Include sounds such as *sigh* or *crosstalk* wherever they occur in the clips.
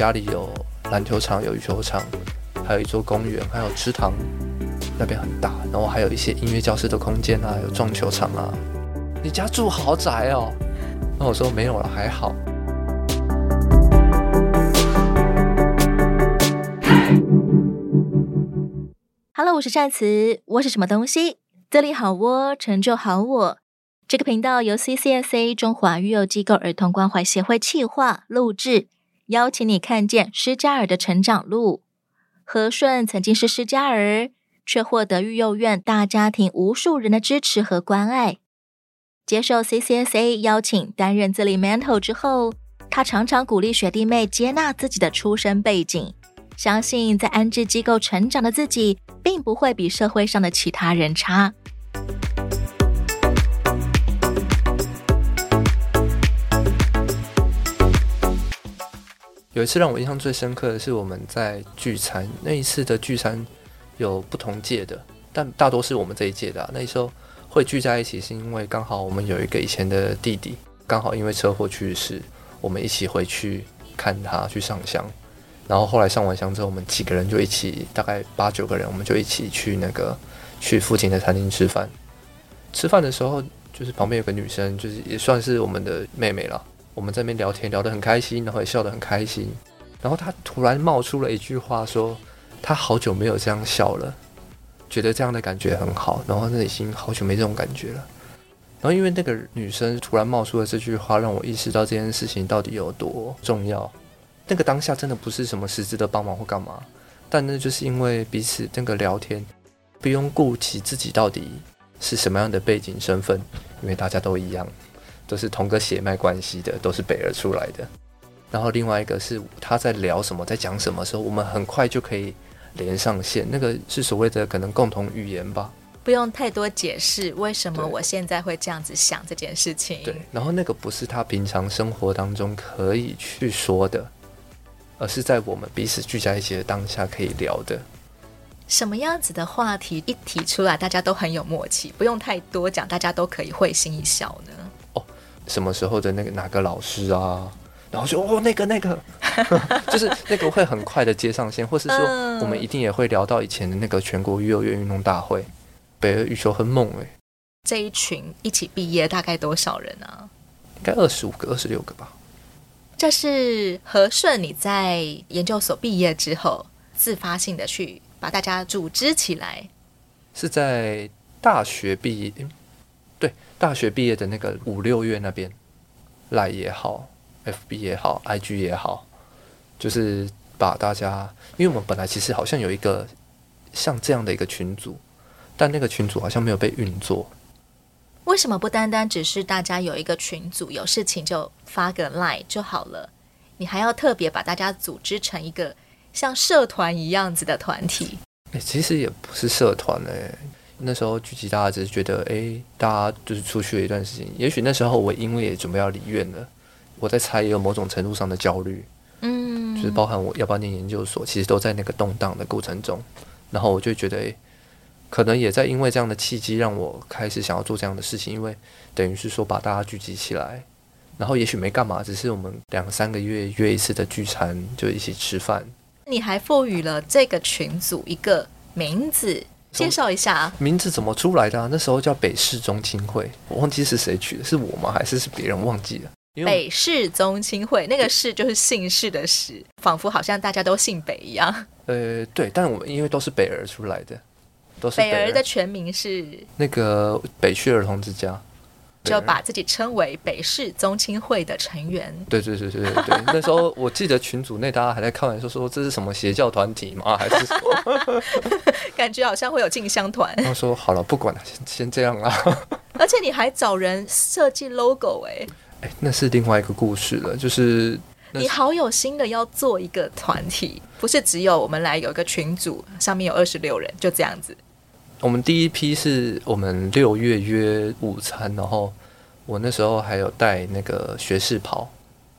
家裡有籃球場、有羽球場，還有一座公園，還有池塘，那邊很大。然後還有一些音樂教室的空間啊，有撞球場啊。你家住豪宅哦？那我說沒有了，還好。 *music* *music* Hello，我是善慈，我是什麼東西？這裡好我成就好我。這個頻道由 CCSA 中華育幼機構兒童關懷協會企劃錄製。邀請你看見失家兒的成長路。和順曾經是失家兒，卻獲得育幼院大家庭無數人的支持和關愛。接受 CCSA 邀請擔任自立 mentor 之後，他常常鼓勵學弟妹接納自己的出身背景，相信在安置機構成長的自己，並不會比社會上的其他人差。有一次讓我印象最深刻的是我們在聚餐。那一次的聚餐有不同屆的，但大多是我們這一屆的啊。那時候會聚在一起，是因為剛好我們有一個以前的弟弟，剛好因為車禍去世，我們一起回去看他去上香。然後後來上完香之後，我們幾個人就一起，大概八九個人，我們就一起去那個去附近的餐廳吃飯。吃飯的時候，就是旁邊有個女生，就是也算是我們的妹妹了。我們在那邊聊天，聊得很開心，然後也笑得很開心。然後他突然冒出了一句話說，說他好久沒有這樣笑了，覺得這樣的感覺很好。然後他已經好久沒這種感覺了。然後因為那個女生突然冒出了這句話，讓我意識到這件事情到底有多重要。那個當下真的不是什麼實質的幫忙或幹嘛，但那就是因為彼此那個聊天，不用顧及自己到底是什麼樣的背景身份，因為大家都一樣。都是同個血脈關係的，都是北兒出來的。然後另外一個是他在聊什麼，在講什麼時候，我們很快就可以連上線。那個是所謂的可能共同語言吧。不用太多解釋，為什麼我現在會這樣子想這件事情。對。然後那個不是他平常生活當中可以去說的，而是在我們彼此聚在一起的當下可以聊的。什麼樣子的話題一提出來，大家都很有默契，不用太多講，大家都可以會心一笑呢？什麼時候的那個哪個老師啊？然後說哦，那個那個， *laughs* *laughs* 就是那個會很快的接上線，或是說我們一定也會聊到以前的那個全國育幼院運動大會，北二羽球很猛哎，欸。這一群一起畢業大概多少人啊？應該二十五個、二十六個吧。這、就是和順，你在研究所畢業之後自發性的去把大家組織起來，是在大學畢業。大學畢業的那個五六月，那邊 LINE 也好，FB 也好，IG 也好，就是把大家，因為我們本來其實好像有一個像這樣的一個群組，但那個群組好像沒有被運作。為什麼不單單只是大家有一個群組，有事情就發個 LINE 就好了？你還要特別把大家組織成一個像社團一樣子的團體？哎、欸，其實也不是社團嘞、欸。那時候聚集大家只是覺得，誒、欸，大家就是出去了一段時間。也許那時候我因為也準備要離院了，我在猜也有某種程度上的焦慮，嗯，就是包含我要不要念研究所，其實都在那個動盪的過程中。然後我就覺得，可能也在因為這樣的契機，讓我開始想要做這樣的事情，因為等於是說把大家聚集起來，然後也許沒幹嘛，只是我們兩三個月約一次的聚餐，就一起吃飯。你還賦予了這個群組一個名字。介紹一下啊，名字怎麼出來的啊？那時候叫北氏宗親會，我忘記是誰取的，是我嗎？還是是別人忘記了？北氏宗親會那個「氏」就是姓氏的「氏」，仿佛好像大家都姓北一樣。呃，對，但我們因為都是北兒出來的，北兒，北兒的全名是那個北區兒童之家。就把自己稱為北氏宗親會的成員。對對對對對、對， *laughs* 那時候我記得群組內大家還在開玩笑說這是什麼邪教團體嗎？’還是什麼？ *laughs* 感覺好像會有進香團。他說：“好了，不管了，先先這樣啦。 *laughs* ”而且你還找人設計 logo 哎、欸！哎、欸，那是另外一個故事了。就是，是你好有心的要做一個團體，不是只有我們來有一個群組，上面有二十六人，就這樣子。我們第一批是我們六月約午餐，然後我那時候還有帶那個學士袍，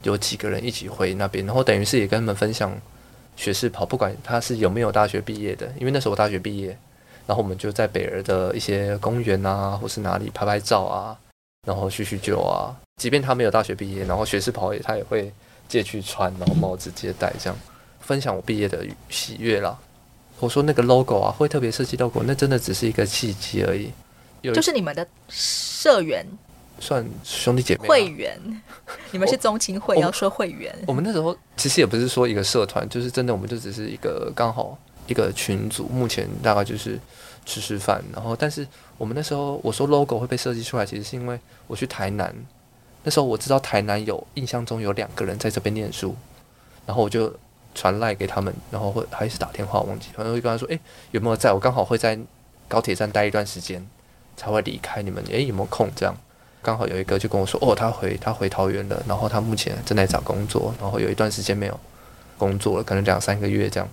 有幾個人一起回那邊，然後等於是也跟他們分享學士袍，不管他是有沒有大學畢業的，因為那時候我大學畢業，然後我們就在北兒的一些公園啊，或是哪裡拍拍照啊，然後敘敘舊啊，即便他沒有大學畢業，然後學士袍也他也會借去穿，然後帽子直接戴，這樣分享我畢業的喜悅啦。我說那個 logo 啊，會特別設計 logo，那真的只是一個契機而已。有就是你們的社員算兄弟姐妹會員，你們是宗親會，要說會員我我。我們那時候其實也不是說一個社團，就是真的，我們就只是一個剛好一個群組。目前大概就是吃吃飯，然後但是我們那時候我說 logo 會被設計出來，其實是因為我去台南，那時候我知道台南有印象中有兩個人在這邊念書，然後我就。傳賴給他們，然後會還是打電話忘記，反正會跟他說，誒、欸，有沒有在？我剛好會在高鐵站待一段時間，才會離開你們。誒、欸，有沒有空？這樣剛好有一個就跟我說，哦，他回他回桃園了，然後他目前正在找工作，然後有一段時間沒有工作了，可能兩三個月這樣。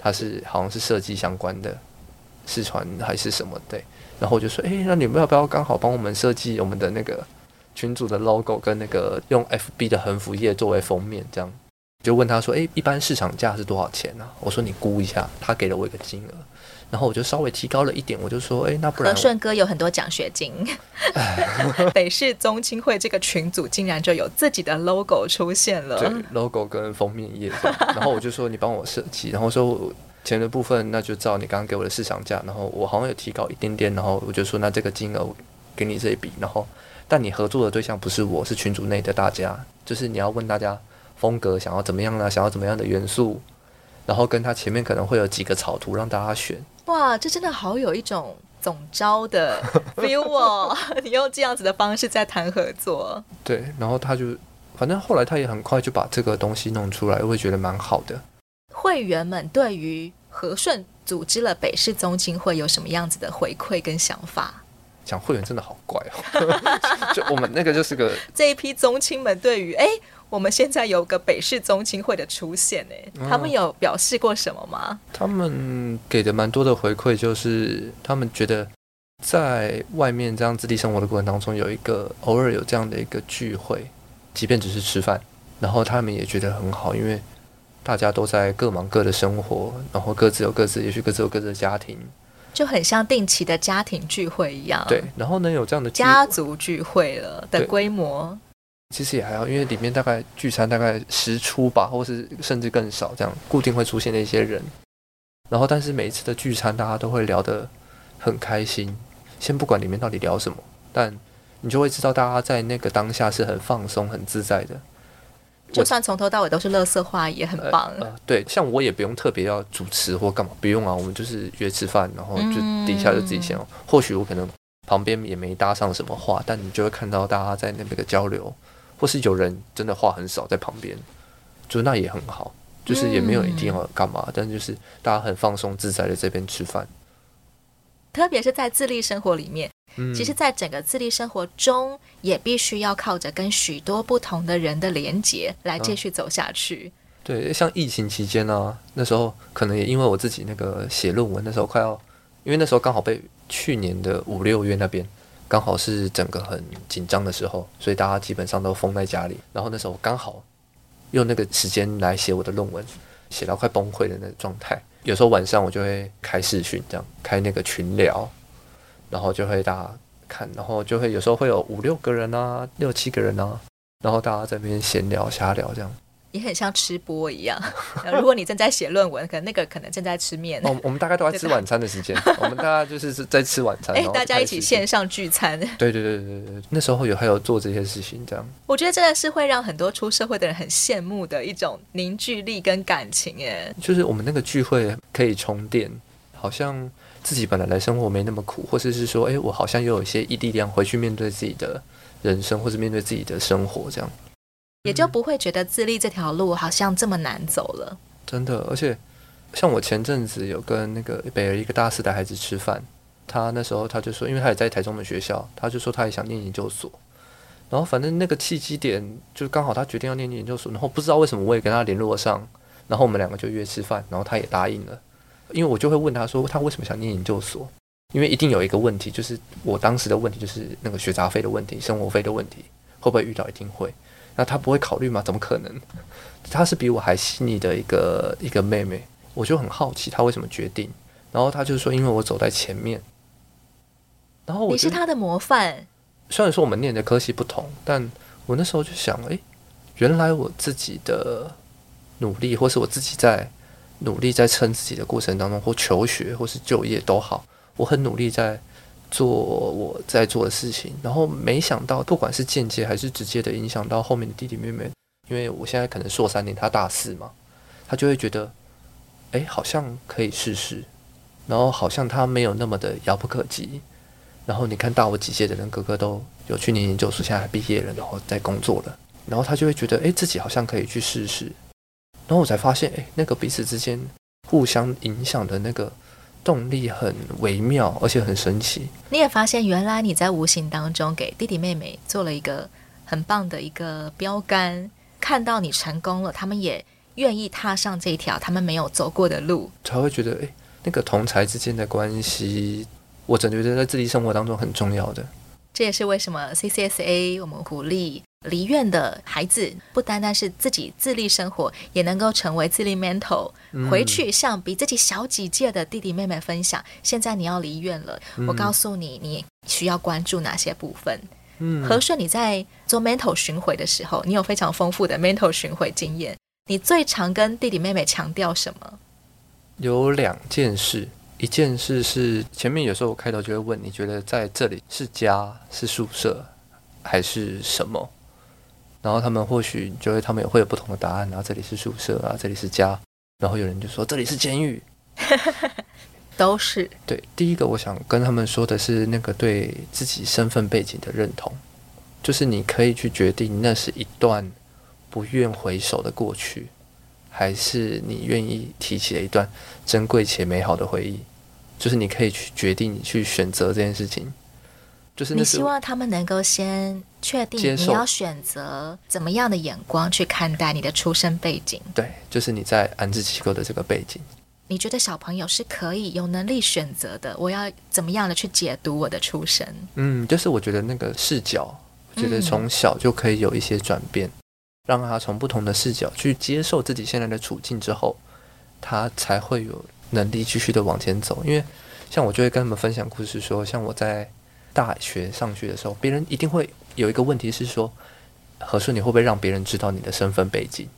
他是好像是設計相關的，視傳還是什麼對？然後我就說，誒、欸，那你們要不要剛好幫我們設計我們的那個群組的 logo 跟那個用 FB 的橫幅頁作為封面這樣？就問他說：“哎、欸，一般市場價是多少錢呢、啊？”我說：“你估一下。”他給了我一個金額，然後我就稍微提高了一點。我就說：“哎、欸，那不然和順哥有很多獎學金， *laughs* *laughs* 北氏宗親會這個群組竟然就有自己的 logo 出現了，對，logo 跟封面頁。然後我就說：你幫我設計， *laughs* 然後說我錢的部分那就照你剛剛給我的市場價，然後我好像有提高一點點，然後我就說：那這個金額給你這一筆，然後但你合作的對象不是我，是群組內的大家，就是你要問大家。”風格想要怎麼樣呢、啊？想要怎麼樣的元素？然後跟他前面可能會有幾個草圖讓大家選。哇，這真的好有一種總召的 view 哦！ *laughs* 你用這樣子的方式在談合作。對，然後他就反正後來他也很快就把這個東西弄出來，會覺得蠻好的。會員們對於和順組織了北氏宗親會有什麼樣子的回饋跟想法？講會員真的好怪哦！ *laughs* 就我們那個就是個 *laughs* 這一批宗親們對於哎、欸我們現在有個北氏宗親會的出現呢、欸嗯，他們有表示過什麼嗎？他們給的蠻多的回饋，就是他們覺得在外面這樣自立生活的過程當中，有一個偶爾有這樣的一個聚會，即便只是吃飯，然後他們也覺得很好，因為大家都在各忙各的生活，然後各自有各自，也許各自有各自的家庭，就很像定期的家庭聚會一樣。對，然後呢有這樣的家族聚會了的規模。其實也還好，因為裡面大概聚餐大概十出吧，或是甚至更少，這樣固定會出現那些人。然後，但是每一次的聚餐，大家都會聊得很開心。先不管裡面到底聊什麼，但你就會知道大家在那個當下是很放鬆、很自在的。就算從頭到尾都是垃圾話，也很棒了呃。呃，對，像我也不用特別要主持或幹嘛，不用啊，我們就是約吃飯，然後就底下就自己先。嗯、或許我可能旁邊也沒搭上什麼話，但你就會看到大家在那個交流。或是有人真的話很少在旁邊，就那也很好，就是也沒有一定要幹嘛、嗯，但就是大家很放鬆自在的這邊吃飯，特別是在自立生活裡面，嗯、其實，在整個自立生活中，也必須要靠着跟許多不同的人的連接來繼續走下去、啊。對，像疫情期間呢、啊，那時候可能也因為我自己那個寫論文那時候快要，因為那時候剛好被去年的五六月那邊。剛好是整個很緊張的時候，所以大家基本上都封在家裡。然後那時候我剛好用那個時間來寫我的論文，寫到快崩潰的那個狀態。有時候晚上我就會開視訊，這樣開那個群聊，然後就會大家看，然後就會有時候會有五六個人啊，六七個人啊，然後大家在那邊閒聊、瞎聊這樣。你很像吃播一樣。然後如果你正在寫論文， *laughs* 可能那個可能正在吃麵。我、oh, *laughs* 我們大概都在吃晚餐的時間， *laughs* 我們大家就是在吃晚餐。哎、 *laughs* 欸，大家一起線上聚餐。對對對對對，那時候有還有做這些事情，這樣。 *laughs* 我覺得真的是會讓很多出社會的人很羨慕的一種凝聚力跟感情。哎，就是我們那個聚會可以充電，好像自己本來的生活沒那麼苦，或者是，是說，哎、欸，我好像又有一些力量，回去面對自己的人生，或是面對自己的生活，這樣。也就不會覺得自立這條路好像這麼難走了。嗯。真的，而且像我前陣子有跟那個北氏一個大四的孩子吃飯，他那時候他就說，因為他也在台中的學校，他就說他也想念研究所。然後反正那個契機點就剛好他決定要念研究所，然後不知道為什麼我也跟他聯絡上，然後我們兩個就約吃飯，然後他也答應了。因為我就會問他說他為什麼想念研究所，因為一定有一個問題，就是我當時的問題就是那個學雜費的問題、生活費的問題，會不會遇到？一定會。那她不會考慮嗎？怎麼可能？她是比我還細膩的一個一個妹妹，我就很好奇她為什麼決定。然後她就說：“因為我走在前面。”然後你是她的模範。雖然說我們念的科系不同，但我那時候就想：哎、欸，原來我自己的努力，或是我自己在努力在撐自己的過程當中，或求學或是就業都好，我很努力在。做我在做的事情，然後沒想到，不管是間接還是直接的影響到後面的弟弟妹妹，因為我現在可能碩三年，他大四嘛，他就會覺得，誒，好像可以試試，然後好像他沒有那麼的遙不可及，然後你看大我幾屆的人，個個都有，去年研究所現在還畢業了，然後在工作了，然後他就會覺得，誒，自己好像可以去試試，然後我才發現，誒，那個彼此之間互相影響的那個。動力很微妙，而且很神奇。你也發現，原來你在無形當中給弟弟妹妹做了一個很棒的一個標桿。看到你成功了，他們也願意踏上這一條他們沒有走過的路。才會覺得，誒，那個同儕之間的關係，我總覺得在自己生活當中很重要的。這也是為什麼 CCSA 我們鼓勵。離院的孩子不單單是自己自立生活，也能夠成為自立 mentor，嗯，回去向比自己小幾屆的弟弟妹妹分享。現在你要離院了，嗯，我告訴你，你需要關注哪些部分。嗯，和順，你在做 mentor 巡回的時候，你有非常豐富的 mentor 巡回經驗。你最常跟弟弟妹妹強調什麼？有兩件事，一件事是前面有時候我開頭就會問，你覺得在這裡是家，是宿舍，還是什麼？然後他們或許就會，他們也會有不同的答案。然後這裡是宿舍啊，這裡是家。然後有人就說這裡是監獄， *laughs* 都是。對，第一個我想跟他們說的是那個對自己身份背景的認同，就是你可以去決定那是一段不願回首的過去，還是你願意提起的一段珍貴且美好的回憶。就是你可以去決定你去選擇這件事情。就是你希望他們能夠先確定你要選擇怎麼樣的眼光去看待你的出身背景？對，就是你在安置機構的這個背景。你覺得小朋友是可以有能力選擇的？我要怎麼樣的去解讀我的出身？嗯，就是我覺得那個視角，我覺得從小就可以有一些轉變，嗯，讓他從不同的視角去接受自己現在的處境之後，他才會有能力繼續的往前走。因為像我就會跟他們分享故事說，說像我在。大學上學的時候，別人一定會有一個問題是說：和順你會不會讓別人知道你的身份背景？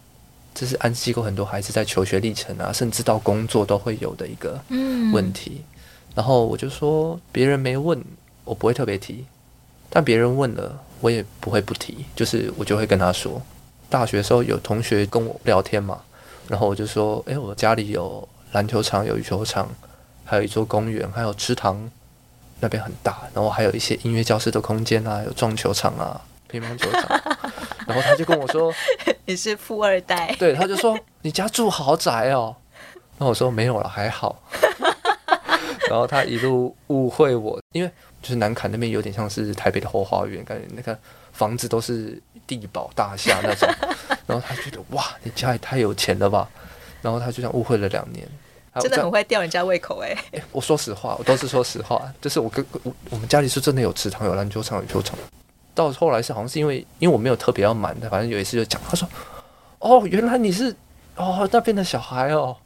這是安置機構很多孩子在求學歷程啊，甚至到工作都會有的一個問題。嗯、然後我就說，別人沒問我不會特別提，但別人問了我也不會不提，就是我就會跟他說，大學的時候有同學跟我聊天嘛，然後我就說，誒、欸，我家裡有籃球場，有羽球場，還有一座公園，還有池塘。那邊很大，然後還有一些音樂教室的空間啊，有撞球場啊、乒乓球場， *laughs* 然後他就跟我說：“你是富二代。”對，他就說：“你家住豪宅哦。”那我說：“沒有了，還好。 *laughs* ”然後他一路誤會我，因為就是南崁那邊有點像是台北的後花園，感覺那個房子都是帝寶大廈那種。 *laughs* 然後他覺得：“哇，你家也太有錢了吧？”然後他就這樣誤會了兩年。真的很會吊人家胃口哎、欸欸！我說實話，我都是說實話。 *laughs* 就是我跟我我，我們家裡是真的有池塘、有籃球場、有球場。到後來是好像是因為因為我沒有特別要瞞的，反正有一次就講，他說：“哦，原來你是哦那邊的小孩哦。”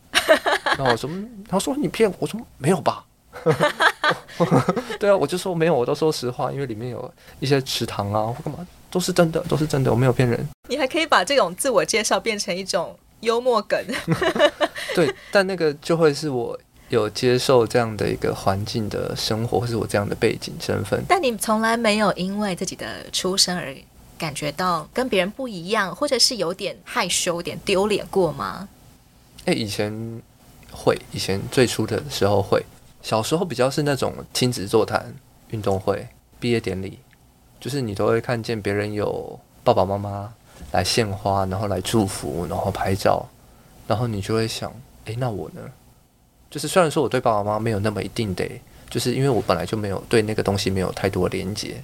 然後我說：“他說你騙我？”我說：“沒有吧。 *laughs* ”對啊，我就說沒有，我都說實話，因為裡面有一些池塘啊，或幹嘛都是真的，都是真的，我沒有騙人。你還可以把這種自我介紹變成一種。幽默梗 *laughs* ，對，但那個就會是我有接受這樣的一個環境的生活，或是我這樣的背景身份。但你從來沒有因為自己的出身而感覺到跟別人不一樣，或者是有點害羞、有點丟臉過嗎？誒、欸，以前會，以前最初的時候會，小時候比較是那種親子座談、運動會、畢業典禮，就是你都會看見別人有爸爸媽媽，來獻花，然後來祝福，然後拍照，然後你就會想，誒，那我呢？就是雖然說我對爸爸媽媽沒有那麼一定得，就是因為我本來就沒有對那個東西沒有太多連結，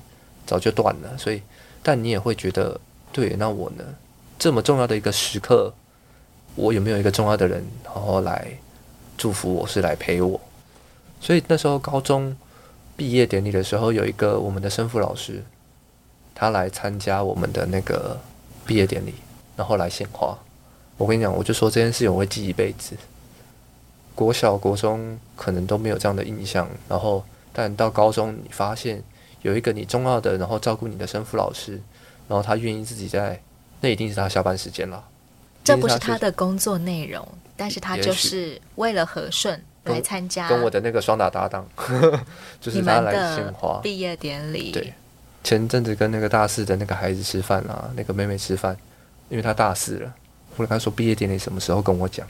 早就斷了，所以，但你也會覺得，對，那我呢？這麼重要的一個時刻，我有沒有一個重要的人，然後來祝福我是來陪我？所以那時候高中畢業典禮的時候，有一個我們的生輔老師，他來參加我們的那個。畢業典禮，然後來獻花。我跟你講，我就說這件事我會記一輩子。國小、國中可能都沒有這樣的印象，然後但到高中，你發現有一個你重要的，然後照顧你的生輔老師，然後他願意自己在，那一定是他下班時間了。這不是他的工作內容，但是他就是為了和順來參加跟。跟我的那個雙打搭檔， *laughs* 就是他來獻花畢業典禮。對。前陣子跟那個大四的那個孩子吃飯啊，那個妹妹吃飯，因為她大四了。後來她說畢業典禮什麼時候跟我講？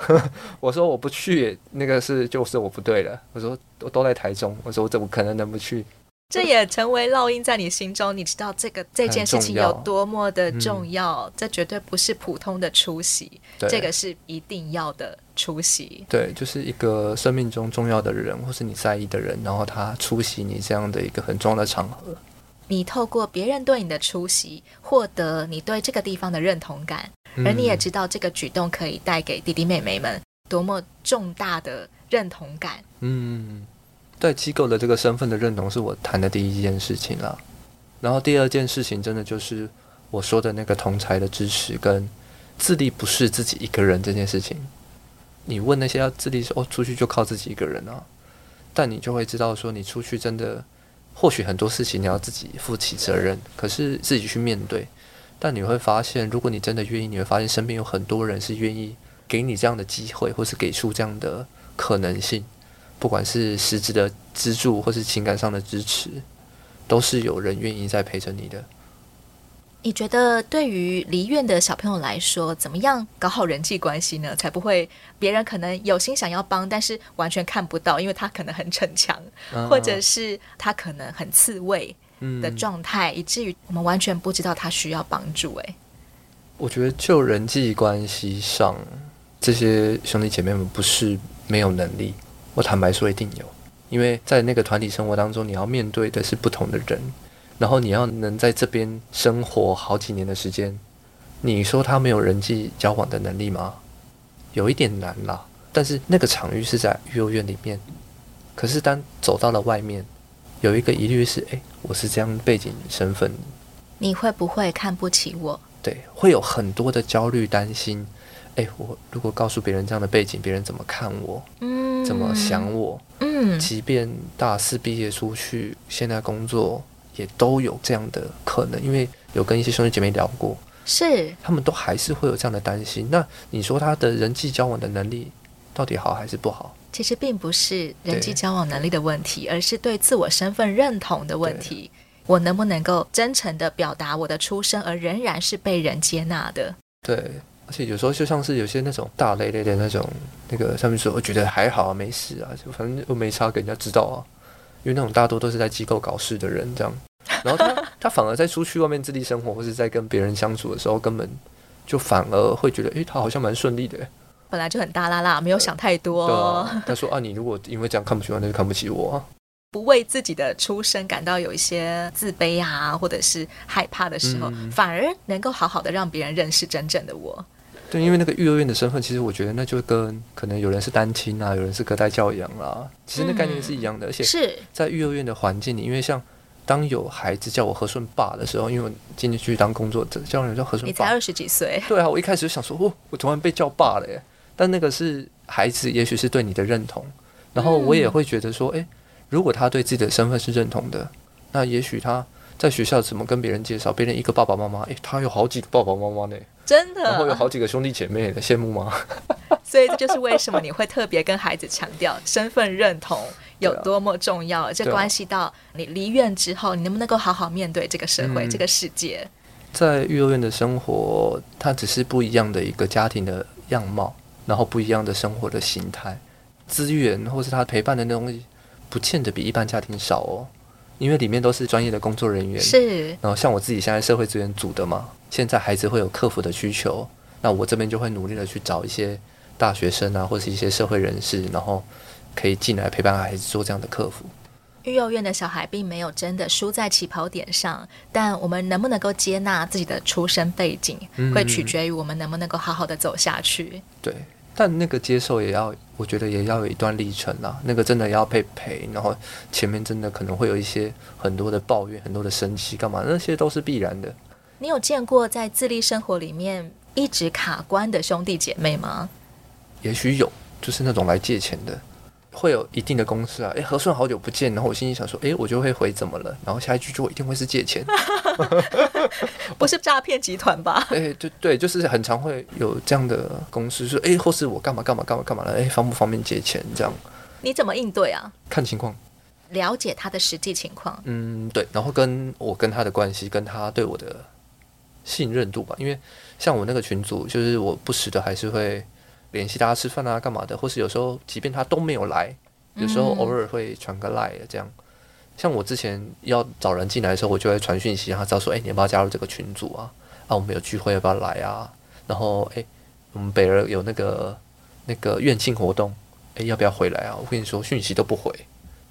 *laughs* 我說我不去，那個是就是我不對了。我說我都在台中，我說我怎麼可能能不去？這也成為烙印在你心中，你知道這個這件事情有多麼的重要，重要，嗯。這絕對不是普通的出席，這個是一定要的出席。對，就是一個生命中重要的人，或是你在意的人，然後他出席你這樣的一個很重要的場合。你透過別人對你的出席，獲得你對這個地方的認同感。嗯，而你也知道這個舉動可以帶給弟弟妹妹們多麼重大的認同感。嗯，對機構的這個身份的認同是我談的第一件事情了，然後第二件事情真的就是我說的那個同儕的支持跟自立不是自己一個人這件事情。你問那些要自立說哦，出去就靠自己一個人啊，但你就會知道說你出去真的。或許很多事情你要自己負起責任，可是自己去面對。但你會發現，如果你真的願意，你會發現身邊有很多人是願意給你這樣的機會，或是給出這樣的可能性。不管是實質的資助，或是情感上的支持，都是有人願意在陪着你的。你覺得對於離院的小朋友來說，怎麼樣搞好人際關係呢？才不會別人可能有心想要幫，但是完全看不到，因為他可能很逞強，啊、或者是他可能很刺蝟的狀態、嗯，以至於我們完全不知道他需要幫助。誒，我覺得就人際關係上，這些兄弟姐妹們不是沒有能力，我坦白說一定有，因為在那個團體生活當中，你要面對的是不同的人。然後你要能在這邊生活好幾年的時間，你說他沒有人際交往的能力嗎？有一點難啦。但是那個場域是在育幼院裡面，可是當走到了外面，有一個疑慮是：誒，我是這樣背景身份，你會不會看不起我？對，會有很多的焦慮、擔心。誒，我如果告訴別人這樣的背景，別人怎麼看我？嗯，怎麼想我？嗯，即便大四畢業出去，現在工作。也都有這樣的可能，因為有跟一些兄弟姐妹聊過，是他們都還是會有這樣的擔心。那你說他的人際交往的能力到底好還是不好？其實並不是人際交往能力的問題，而是對自我身份認同的問題。我能不能夠真誠地表達我的出身，而仍然是被人接納的？對，而且有時候就像是有些那種大剌剌的那種那個上面說，我覺得還好啊，沒事啊，反正我又沒差，給人家知道啊。因為那種大多都是在機構搞事的人，這樣。 *laughs* 然後他他反而在出去外面自立生活，或者在跟別人相處的時候，根本就反而會覺得，哎、欸，他好像蠻順利的耶。本來就很大剌剌，沒有想太多。呃對啊、他說啊，你如果因為這樣看不起我，那就看不起我、啊。不為自己的出身感到有一些自卑啊，或者是害怕的時候，嗯、反而能夠好好的讓別人認識真正的我。對，因為那個育幼院的身份，其實我覺得那就跟可能有人是單親啊，有人是隔代教養啦、啊，其實那概念是一樣的。嗯、而且是在育幼院的環境裡，因為像。當有孩子叫我和順爸的時候，因為我今天去當工作者，叫人叫和順爸。你才二十幾歲。對啊，我一開始就想說，哦，我突然被叫爸了耶。但那個是孩子，也許是對你的認同。然後我也會覺得說，哎、嗯欸，如果他對自己的身份是認同的，那也許他在學校怎麼跟別人介紹，別人一個爸爸媽媽，哎、欸，他有好幾個爸爸媽媽呢。真的，然後會有好幾個兄弟姐妹的羨慕嗎？ *laughs* 所以這就是為什麼你會特別跟孩子強調身份認同有多麼重要、啊、這個、關係到你離院之後，你能不能夠好好面對這個社會、嗯、這個世界。在育幼院的生活，它只是不一樣的一個家庭的樣貌，然後不一樣的生活的形態、資源，或是他陪伴的那東西，不見得比一般家庭少哦。因為裡面都是專業的工作人員，是，然後像我自己現在社會資源組的嘛。現在孩子會有課輔的需求，那我這邊就會努力的去找一些大學生啊，或是一些社會人士，然後可以進來陪伴孩子做這樣的課輔。育幼院的小孩並沒有真的輸在起跑點上，但我們能不能夠接納自己的出身背景，會取決於我們能不能夠好好的走下去。嗯嗯，對，但那個接受也要，我覺得也要有一段歷程啊。那個真的要被陪，然後前面真的可能會有一些很多的抱怨，很多的生氣，幹嘛那些都是必然的。你有見過在自立生活裡面一直卡關的兄弟姐妹嗎？也許有，就是那種來借錢的，會有一定的公式啊。哎，和順好久不見，然後我心裡想說，哎，我就會回怎麼了？然後下一句就一定會是借錢， *laughs* 不是詐騙集團吧？哎，就對，就是很常會有這樣的公式，說哎，或是我幹嘛幹嘛幹嘛幹嘛了，哎，方不方便借錢這樣？你怎麼應對啊？看情況，了解他的實際情況。嗯，對，然後跟我跟他的關係，跟他對我的。信任度吧，因為像我那個群組，就是我不時的還是會聯繫大家吃飯啊、幹嘛的，或是有時候即便他都沒有來，有時候偶爾會傳個賴這樣、嗯。像我之前要找人進來的時候，我就會傳訊息，然後知道說：“誒、欸，你要不要加入這個群組啊？啊，我們有聚會，要不要來啊？然後誒、欸，我們北兒有那個那個院慶活動，誒、欸，要不要回來啊？”我跟你說，訊息都不回，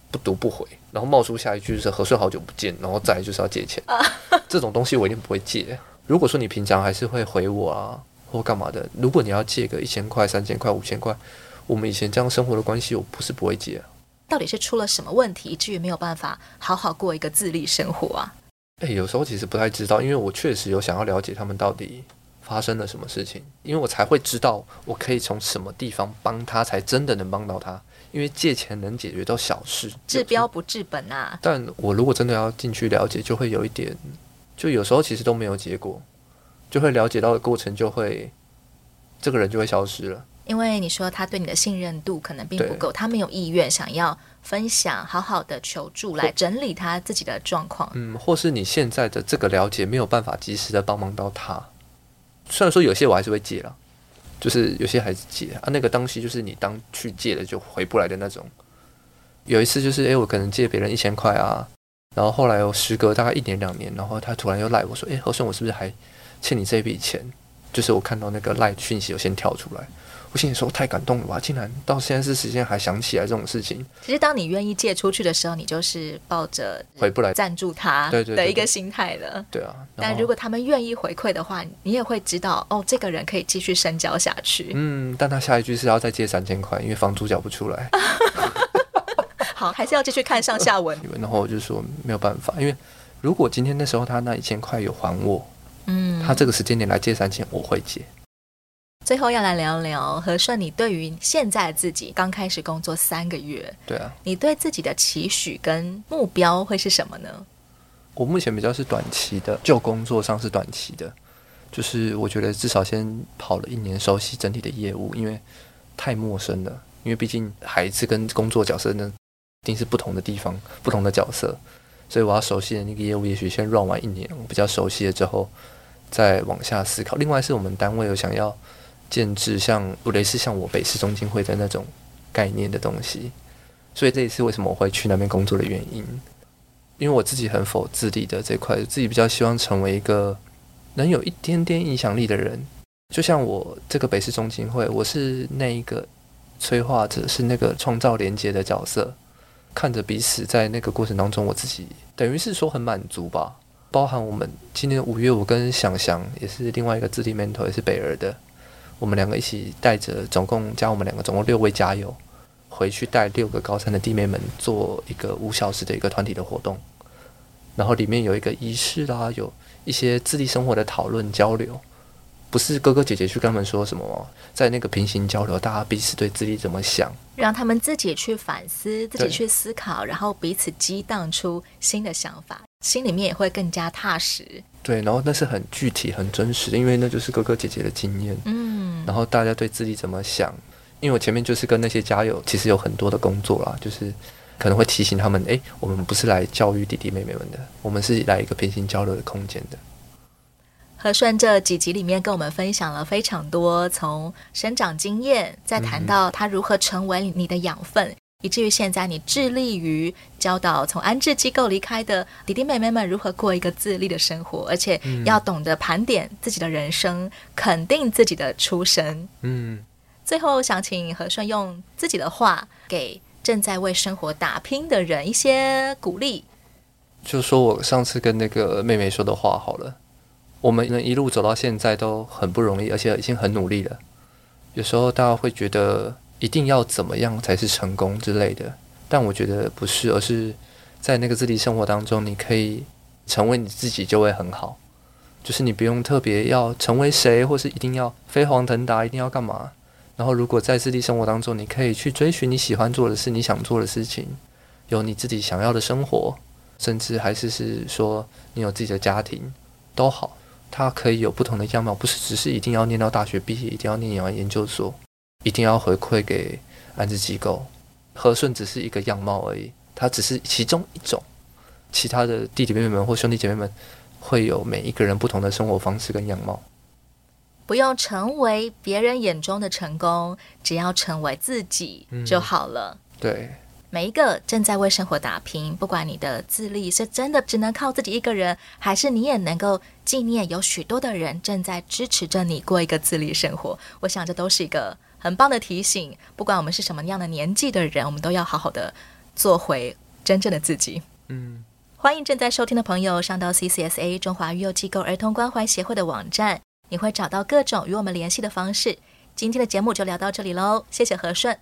不讀不回，然後冒出下一句就是“和順好久不見”，然後再就是要借錢。這種東西我一定不會借。 *laughs* 如果說你平常還是會回我啊，或幹嘛的？如果你要借個一千塊、三千塊、五千塊，我們以前這樣生活的關係，我不是不會借啊。到底是出了什麼問題，以至於沒有辦法好好過一個自立生活啊？誒，有時候其實不太知道，因為我確實有想要了解他們到底發生了什麼事情，因為我才會知道我可以從什麼地方幫他，才真的能幫到他。因為借錢能解決到小事，治標不治本啊。但我如果真的要進去了解，就會有一點。就有時候其實都沒有結果，就會了解到的過程，就會這個人就會消失了。因為你說他對你的信任度可能並不夠，他沒有意願想要分享，好好的求助來整理他自己的狀況。嗯，或是你現在的這個了解沒有辦法及時的幫忙到他。雖然說有些我還是會借了，就是有些還是借啊，那個東西就是你當去借了就回不來的那種。有一次就是，誒，我可能借別人一千塊啊。然後後來、哦，又時隔大概一年兩年，然後他突然又賴我說：“哎，和順，我是不是還欠你這筆錢？”就是我看到那個賴訊息我先跳出來，我心裡說太感動了吧！竟然到現在是時間還想起來這種事情。其實，當你願意借出去的時候，你就是抱着回不來贊助他對對的一個心態了。對，對，對，對，對啊，但如果他們願意回饋的話，你也會知道哦，這個人可以繼續深交下去。嗯，但他下一句是要再借三千塊，因為房租繳不出來。 *laughs* 好，還是要繼續看上下文。然後我就說沒有辦法。因為如果今天那時候他那一千塊有還我，嗯，他這個時間點來借三千，我會借。最後要來聊聊和順，你對於現在自己，剛開始工作三個月。對啊，你對自己的期許跟目標會是什麼呢？我目前比較是短期的，就工作上是短期的，就是我覺得至少先跑了一年，熟悉整體的業務，因為太陌生了。因為畢竟孩子跟工作角色呢，定是不同的地方，不同的角色，所以我要熟悉的那個業務，也許先 run 完一年，我比較熟悉了之後再往下思考。另外，是我們單位有想要建置，像，類似像我北氏宗親會的那種概念的東西，所以這也是為什麼我會去那邊工作的原因，因為我自己很否自立的這塊，自己比較希望成為一個能有一點點影響力的人，就像我這個北氏宗親會，我是那一個催化者，是那個創造連接的角色。看着彼此，在那個過程當中，我自己等於是說很滿足吧。包含我們今年五月，我跟想想也是另外一個自立 mentor，也是北兒的，我們兩個一起帶着，總共加我們兩個總共六位家友回去帶六個高三的弟妹們做一個五小時的一個團體的活動，然後裡面有一個儀式啦，有一些自立生活的討論交流。不是哥哥姐姐去跟他們說什麼嗎，在那個平行交流，大家彼此對自己怎麼想，讓他們自己去反思，自己去思考，然後彼此激盪出新的想法，心裡面也會更加踏實。對，然後那是很具體、很真實，因為那就是哥哥姐姐的經驗。嗯，然後大家對自己怎麼想？因為我前面就是跟那些家友，其實有很多的工作啦，就是可能會提醒他們：哎，我們不是來教育弟弟妹妹們的，我們是來一個平行交流的空間的。和順這幾集裡面跟我們分享了非常多從生長經驗，再談到他如何成為你的養分，嗯，以至於現在你致力於教導從安置機構離開的弟弟妹妹們如何過一個自立的生活，而且要懂得盤點自己的人生，嗯，肯定自己的出身。嗯，最後想請和順用自己的話給正在為生活打拼的人一些鼓勵，就說我上次跟那個妹妹說的話好了。我們能一路走到現在都很不容易，而且已經很努力了。有時候大家會覺得一定要怎麼樣才是成功之類的，但我覺得不是，而是在那個自立生活當中，你可以成為你自己就會很好。就是你不用特別要成為誰，或是一定要飛黃騰達，一定要幹嘛。然後如果在自立生活當中，你可以去追尋你喜歡做的事，你想做的事情，有你自己想要的生活，甚至還是是說你有自己的家庭，都好。他可以有不同的樣貌，不是只是一定要念到大學畢業，一定要念完研究所，一定要回饋給安置機構。和順只是一個樣貌而已，它只是其中一種。其他的弟弟妹妹們或兄弟姐妹們，會有每一個人不同的生活方式跟樣貌。不用成為別人眼中的成功，只要成為自己就好了。嗯，對。每一個正在為生活打拼，不管你的自立是真的只能靠自己一個人，還是你也能夠紀念有許多的人正在支持着你過一個自立生活，我想這都是一個很棒的提醒。不管我們是什麼樣的年紀的人，我們都要好好的做回真正的自己。嗯，歡迎正在收聽的朋友上到 CCSA 中華育幼機構兒童關懷協會的網站，你會找到各種與我們聯繫的方式。今天的節目就聊到這裡嘍，謝謝和順，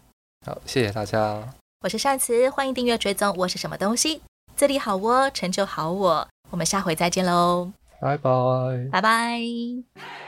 好，謝謝大家。我是善慈，歡迎訂閱追蹤我是什麼東西。這裡好我，成就好我，我們下回再見嘍，拜拜，拜拜。